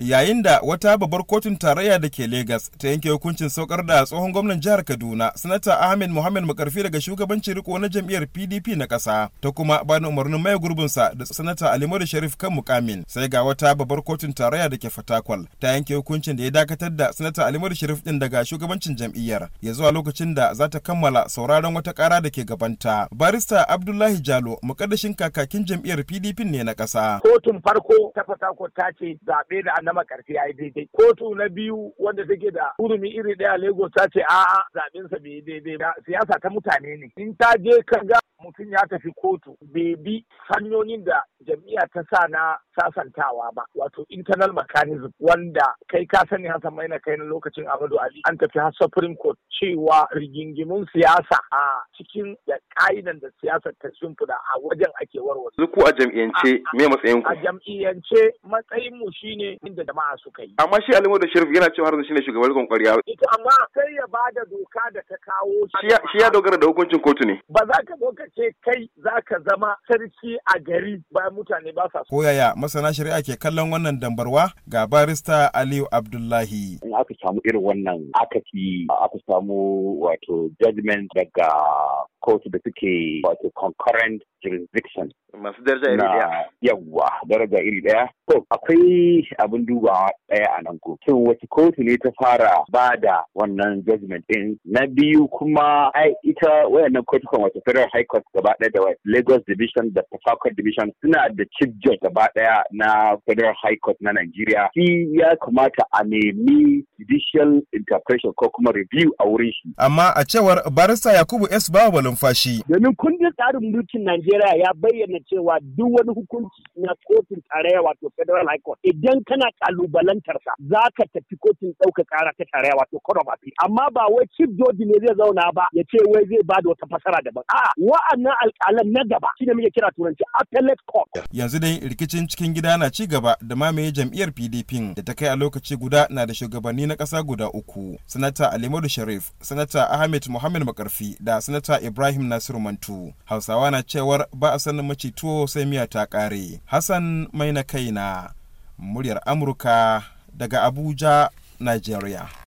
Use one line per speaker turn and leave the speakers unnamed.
yayin da wata babbar kotun tarayya da ke Legas ta yanke hukuncin saukar da tsohon gwamnan jihar Kaduna, Sanata Ahmed Muhammad Makarfi daga shugabancin riko na jam'iyyar PDP na ƙasa, ta kuma bani umarnin mai sa da Sanata Alimadu Sharif kan mukamin. Sai ga wata babbar kotun tarayya da ke Fatakwal ta yanke hukuncin da ya dakatar da Sanata Alimadu Sharif din daga shugabancin jam'iyyar ya zuwa lokacin da za ta kammala sauraron wata ƙara da ke gabanta. Barista Abdullahi Jalo, mukaddashin kakakin jam'iyyar PDP ne na ƙasa. Kotun
farko ta Fatakwal ta ce zaɓe da na makarfi ya yi daidai kotu na biyu wanda take da hurumi iri daya lagos ta ce a'a zaɓensa bai yi daidai ba siyasa ta mutane ne in ta je ka ga mutum ya tafi kotu bai bi hanyoyin da jam'iyya ta sa na sasantawa ba wato internal mechanism wanda kai ka sani Hassan Maina kai na lokacin Amadu Ali an tafi har Supreme Court cewa rigingimun siyasa a cikin da ka'idan da siyasar ta shimfida a wajen ake warware. ku
a jam'iyyance me matsayin ku? A
jam'iyyance matsayin mu shine inda jama'a suka yi.
Amma shi alimo da Sharif yana cewa har shine shugaban rikon kwariya. Ita
amma sai ya bada doka da ta kawo shi. Shi ya
dogara da hukuncin kotu ne.
Ba za ka zo ce kai za ka zama sarki a gari bayan mutane ba sa ko Koyaya
masana shari'a ke kallon wannan dambarwa ga barista aliyu abdullahi in aka samu irin wannan aka fi aka samu
wato judgment daga kotu da suke wato concurrent jurisdiction.
Masu daraja iri ɗaya.
Yawwa daraja iri ɗaya. To akwai abin dubawa ɗaya a nan ko. Shin wace kotu ne ta fara ba da wannan judgment ɗin? Na biyu kuma ai ita wayannan kotukan wata Federal High Court gaba ɗaya da Lagos Division da Port Division suna da Chief Judge gaba ɗaya na Federal High Court na Najeriya.
Shi ya kamata a nemi judicial interpretation ko kuma review a wurin shi. Amma a cewar Barista Yakubu S. Bawalo numfashi. Domin kundin tsarin mulkin Najeriya ya
bayyana cewa duk wani hukunci na kotun tarayya wato Federal High Court idan kana kalubalantarsa za ka tafi kotun ɗauka ƙara ta tarayya wato Court of Appeal. Amma ba wai Chief Judge ne zai zauna ba ya ce wai zai ba da wata fasara daban. A'a wa'annan alƙalan na gaba shi ne muke kira turanci Appellate Court.
Yanzu dai rikicin cikin gida na ci gaba da mamaye jam'iyyar PDP da ta kai a lokaci guda na da shugabanni na ƙasa guda uku. Sanata Alimadu Sharif, Sanata Ahmed Muhammad Makarfi da Sanata Ibrahim Ibrahim Nasiru Mantu. Hausawa na cewar ba a sanin maci tuwo sai miya ta ƙare. Hassan mai na kaina, muryar Amurka daga Abuja, Nigeria.